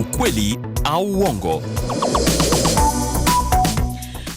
Ukweli au uongo.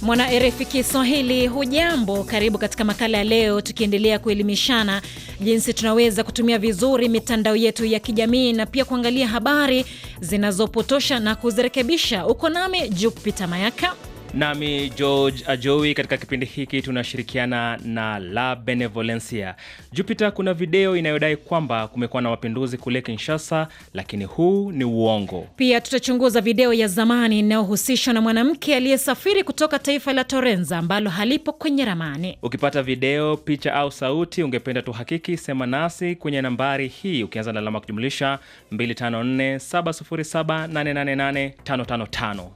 Mwana erefi Kiswahili, hujambo? Karibu katika makala ya leo, tukiendelea kuelimishana jinsi tunaweza kutumia vizuri mitandao yetu ya kijamii na pia kuangalia habari zinazopotosha na kuzirekebisha. Uko nami Jupita Mayaka. Nami George Ajowi, katika kipindi hiki tunashirikiana na La Benevolencia. Jupiter, kuna video inayodai kwamba kumekuwa na mapinduzi kule Kinshasa, lakini huu ni uongo. Pia tutachunguza video ya zamani inayohusishwa na mwanamke aliyesafiri kutoka taifa la Torenza ambalo halipo kwenye ramani. Ukipata video, picha au sauti ungependa tuhakiki, sema nasi kwenye nambari hii ukianza na alama kujumlisha 254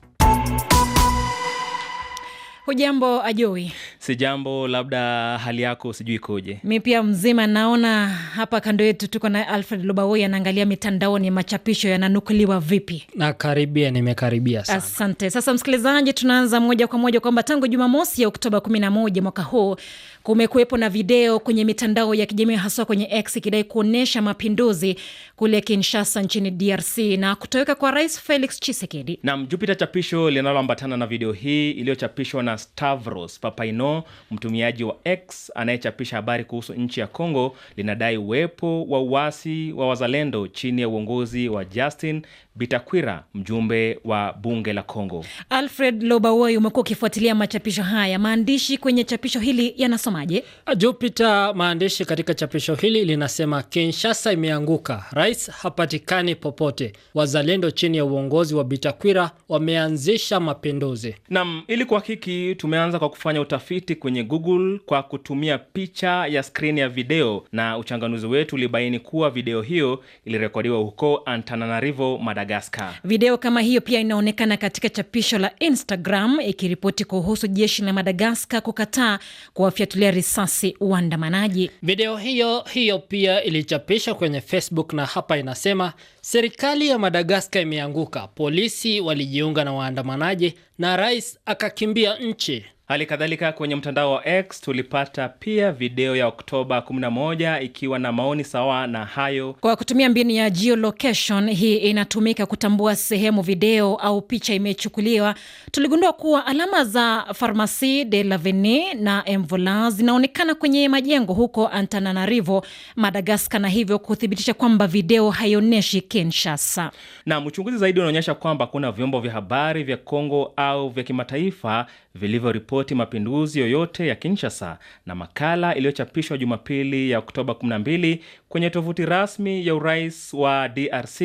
Hujambo Ajoi? Si jambo, labda hali yako sijui ikoje? Mi pia mzima. Naona hapa kando yetu tuko na Alfred Lubawoi anaangalia mitandaoni, machapisho yananukuliwa vipi? Na karibia, nimekaribia sana. Asante. Sasa msikilizaji, tunaanza moja kwa moja kwamba tangu Jumamosi ya Oktoba 11 mwaka huu kumekuwepo na video kwenye mitandao ya kijamii haswa kwenye X ikidai kuonyesha mapinduzi kule Kinshasa nchini DRC na kutoweka kwa Rais Felix chisekedi nam jupita chapisho linaloambatana na video hii iliyochapishwa na Stavros Papaino, mtumiaji wa X anayechapisha habari kuhusu nchi ya Kongo, linadai uwepo wa uasi wa wazalendo chini ya uongozi wa Justin Bitakwira, mjumbe wa bunge la Kongo. Alfred Lobawoi, umekuwa ukifuatilia machapisho haya, maandishi kwenye chapisho hili yanasomaje? Jupiter, maandishi katika chapisho hili linasema Kinshasa imeanguka, rais hapatikani popote, wazalendo chini ya uongozi wa Bitakwira wameanzisha mapinduzi. Naam, ili kuhakiki tumeanza kwa kufanya utafiti kwenye Google kwa kutumia picha ya skrini ya video, na uchanganuzi wetu ulibaini kuwa video hiyo ilirekodiwa huko Antananarivo, madagascar Video kama hiyo pia inaonekana katika chapisho la Instagram ikiripoti kuhusu jeshi la Madagaskar kukataa kuwafyatulia risasi waandamanaji. Video hiyo hiyo pia ilichapishwa kwenye Facebook na hapa inasema serikali ya Madagaskar imeanguka, polisi walijiunga na waandamanaji na rais akakimbia seguinte. Hali kadhalika kwenye mtandao wa X tulipata pia video ya Oktoba 11 ikiwa na maoni sawa na hayo. Kwa kutumia mbinu ya geolocation, hii inatumika kutambua sehemu video au picha imechukuliwa. Tuligundua kuwa alama za farmaci de laveni na Mvola zinaonekana kwenye majengo huko Antananarivo, Madagaskar, na hivyo kuthibitisha kwamba video haionyeshi Kinshasa. na uchunguzi zaidi unaonyesha kwamba kuna vyombo vya habari vya congo au vya kimataifa vilivyoripoti kuripoti mapinduzi yoyote ya Kinshasa na makala iliyochapishwa Jumapili ya Oktoba 12 kwenye tovuti rasmi ya urais wa DRC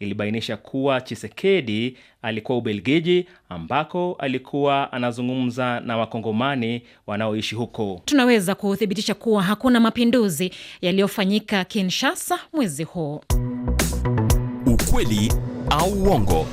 ilibainisha kuwa Chisekedi alikuwa Ubelgiji ambako alikuwa anazungumza na Wakongomani wanaoishi huko. Tunaweza kuthibitisha kuwa hakuna mapinduzi yaliyofanyika Kinshasa mwezi huu. Ukweli au uongo?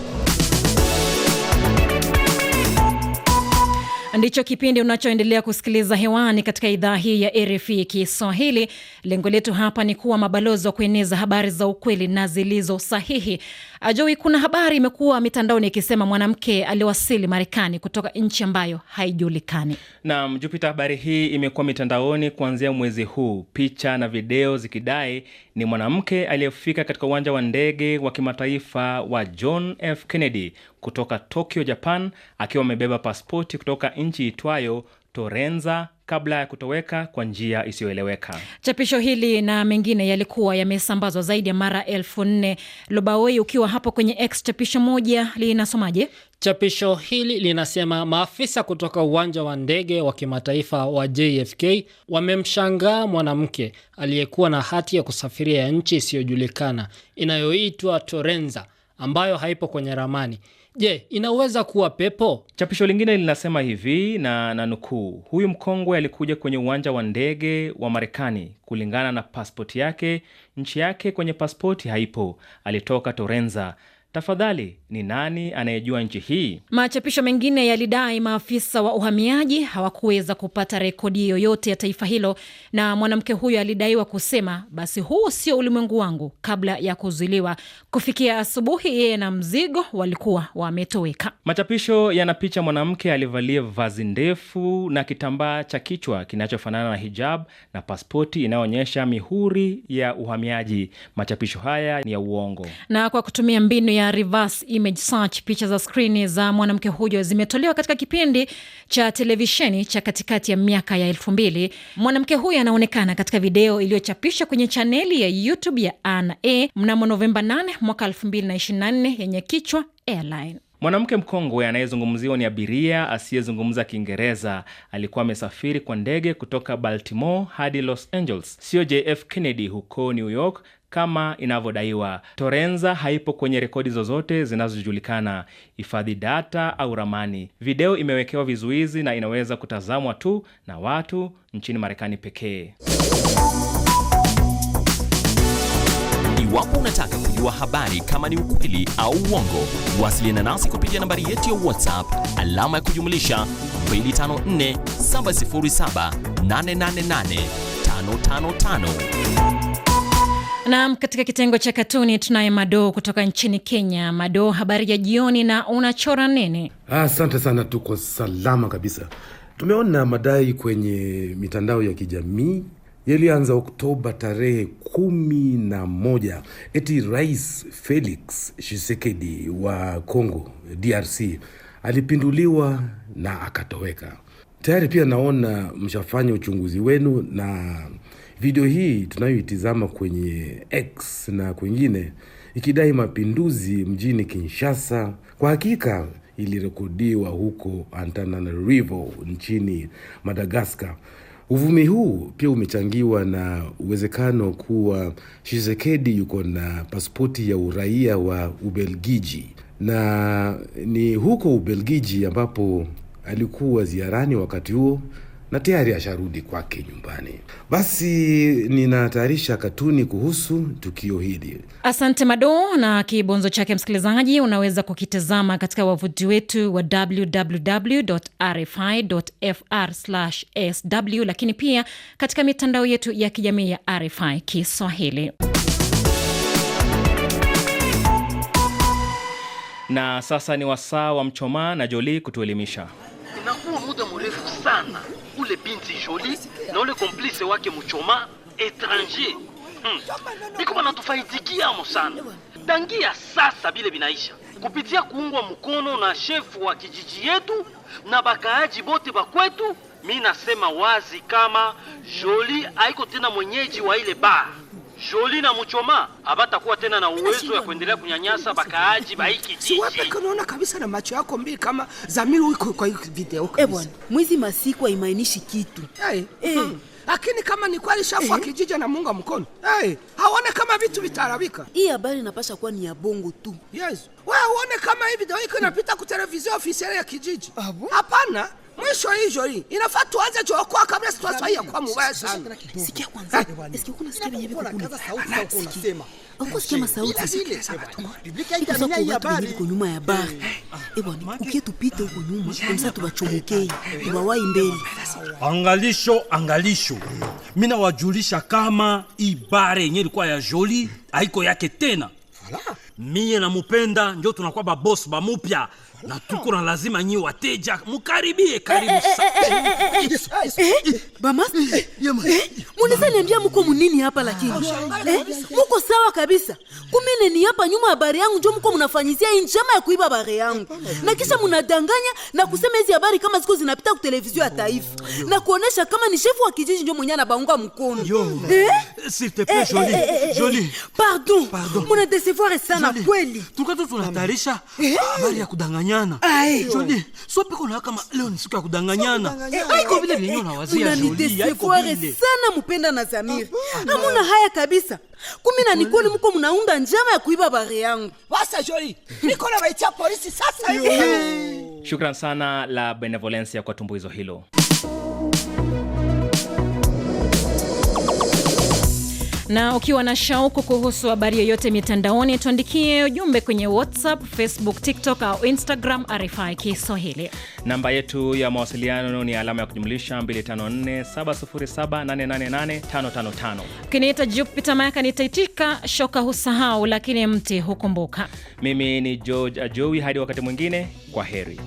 Ndicho kipindi unachoendelea kusikiliza hewani katika idhaa hii ya RFI Kiswahili. Lengo letu hapa ni kuwa mabalozi wa kueneza habari za ukweli na zilizo sahihi. Ajoi, kuna habari imekuwa mitandaoni ikisema mwanamke aliwasili Marekani kutoka nchi ambayo haijulikani. Naam Jupita, habari hii imekuwa mitandaoni kuanzia mwezi huu, picha na video zikidai ni mwanamke aliyefika katika uwanja wa ndege wa kimataifa wa John F Kennedy kutoka Tokyo, Japan, akiwa amebeba pasipoti kutoka nchi itwayo Torenza kabla ya kutoweka kwa njia isiyoeleweka. Chapisho hili na mengine yalikuwa yamesambazwa zaidi ya mara elfu nne. Lobawei, ukiwa hapo kwenye X, chapisho moja linasomaje? Chapisho hili linasema maafisa kutoka uwanja wa ndege wa kimataifa wa JFK wamemshangaa mwanamke aliyekuwa na hati ya kusafiria ya nchi isiyojulikana inayoitwa Torenza ambayo haipo kwenye ramani Je, inaweza kuwa pepo? Chapisho lingine linasema hivi na na nukuu, huyu mkongwe alikuja kwenye uwanja wa ndege wa Marekani kulingana na paspoti yake. Nchi yake kwenye paspoti haipo. Alitoka Torenza. Tafadhali, ni nani anayejua nchi hii? Machapisho mengine yalidai maafisa wa uhamiaji hawakuweza kupata rekodi yoyote ya taifa hilo, na mwanamke huyo alidaiwa kusema, basi huu sio ulimwengu wangu, kabla ya kuzuiliwa. Kufikia asubuhi, yeye na mzigo walikuwa wametoweka. Machapisho yanapicha mwanamke aliyevalia vazi ndefu na kitambaa cha kichwa kinachofanana na hijab na paspoti inayoonyesha mihuri ya uhamiaji. Machapisho haya ni ya uongo na kwa kutumia mbinu ya reverse image search, picha za skrini za mwanamke huyo zimetolewa katika kipindi cha televisheni cha katikati ya miaka ya elfu mbili. Mwanamke huyo anaonekana katika video iliyochapishwa kwenye chaneli ya YouTube ya Ana mnamo Novemba 8 mwaka 2024 yenye kichwa Airline. Mwanamke mkongwe anayezungumziwa ni abiria asiyezungumza Kiingereza. Alikuwa amesafiri kwa ndege kutoka Baltimore hadi Los Angeles, sio JF Kennedy huko New York, kama inavyodaiwa. Torenza haipo kwenye rekodi zozote zinazojulikana, hifadhi data au ramani. Video imewekewa vizuizi na inaweza kutazamwa tu na watu nchini Marekani pekee. Iwapo unataka kujua habari kama ni ukweli au uongo, wasiliana nasi kupitia nambari yetu ya WhatsApp alama ya kujumlisha 254 707 888 555. Naam, katika kitengo cha katuni tunaye Madoo kutoka nchini Kenya. Madoo, habari ya jioni na unachora nini? Asante sana, tuko salama kabisa. Tumeona madai kwenye mitandao ya kijamii yalianza Oktoba tarehe kumi na moja eti Rais Felix Tshisekedi wa Congo DRC alipinduliwa na akatoweka. Tayari pia naona mshafanya uchunguzi wenu na Video hii tunayoitizama kwenye X na kwingine ikidai mapinduzi mjini Kinshasa kwa hakika ilirekodiwa huko Antananarivo nchini Madagaskar. Uvumi huu pia umechangiwa na uwezekano kuwa Tshisekedi yuko na pasipoti ya uraia wa Ubelgiji, na ni huko Ubelgiji ambapo alikuwa ziarani wakati huo na tayari asharudi kwake nyumbani. Basi ninatayarisha katuni kuhusu tukio hili. Asante Mado, na kibonzo chake msikilizaji unaweza kukitazama katika wavuti wetu wa www.rfi.fr/sw, lakini pia katika mitandao yetu ya kijamii ya RFI Kiswahili. Na sasa ni wasaa wa Mchomaa na Joli kutuelimisha. Inakuwa muda mrefu sana yule binti Jolie na ule komplise wake Muchoma etranger hmm. Biko banatufaidikiamo sana tangia sasa, bile binaisha kupitia kuungwa mkono na shefu wa kijiji yetu na bakaaji bote bakwetu. Mi nasema wazi kama joli haiko tena mwenyeji wa ile bar Jolie na Muchoma abatakuwa tena na uwezo ya kuendelea kunyanyasa bakaaji baiki jiji. Si wapi kunaona kabisa na macho yako mbili kama Zamiri uko kwa hiyo video eh, kabisa. Eh, bwana, mwizi masiku haimaanishi kitu. Eh. Hey. Hmm. Lakini kama ni kweli shafu wa eh. kijiji na munga mkono. Eh, haone kama vitu vitarabika. Hii habari inapasha kuwa ni ya bongo tu. Yes. Wewe uone kama hivi video iko inapita kwa televisheni ofisiali ya kijiji. Hapana. Mwisho hivyo hii. Inafaa tuanze kuokoa kabla sitwasahia kwa mubaya sisi. Sikia kwanza. Eske kuna eh. sikia yenyewe kwa kuna sauti yako unasema. Uko sikia masauti. Biblia haitaminia hii habari iko nyuma ya bari. Eh. Eh, Ewa ukie tupite huko nyuma kumsa tubachomekei. Tuwawai mbele. Angalisho, angalisho. Mimi nawajulisha kama hii bari yenyewe ilikuwa ya joli haiko yake tena. Mie namupenda njo tunakuwa babosi bamupya na tuko na lazima nyi wateja mkaribie karibu bama. Munisa niambia muko munini hapa lakini eh, muko sawa kabisa. Kumbe ni hapa nyuma ya bari yangu njo mko munafanyizia hii njama ya kuiba bari yangu, na kisha munadanganya na kusema hizi habari kama ziko zinapita ku televizio ya taifa na kuonesha kama ni shefu wa kijiji njo mwenye anabaunga mkono S'il te plaît, Jolie, Jolie. Pardon, pardon. sana kweli, tukato tunatarisha habari ya kudanganya kudanganyana. Jodi, sio piko na kama leo ni siku ya kudanganyana. Haiko vile vyenyewe unawazia Jodi, haiko vile. Sana mpenda na Zamir. Hamuna haya kabisa. Kumi na Nikoli mko mnaunda njama ya kuiba bari yangu. Basa Jodi, niko na baitia polisi sasa hivi. Shukran sana la benevolencia kwa tumbuizo hilo. Na ukiwa na shauku kuhusu habari yoyote mitandaoni, tuandikie ujumbe kwenye WhatsApp, Facebook, TikTok au Instagram, RFI Kiswahili. Namba yetu ya mawasiliano ni alama ya kujumlisha 25477888555. Ukiniita Jupita Mayaka nitaitika, shoka husahau, lakini mti hukumbuka. Mimi ni George Ajowi, hadi wakati mwingine, kwa heri.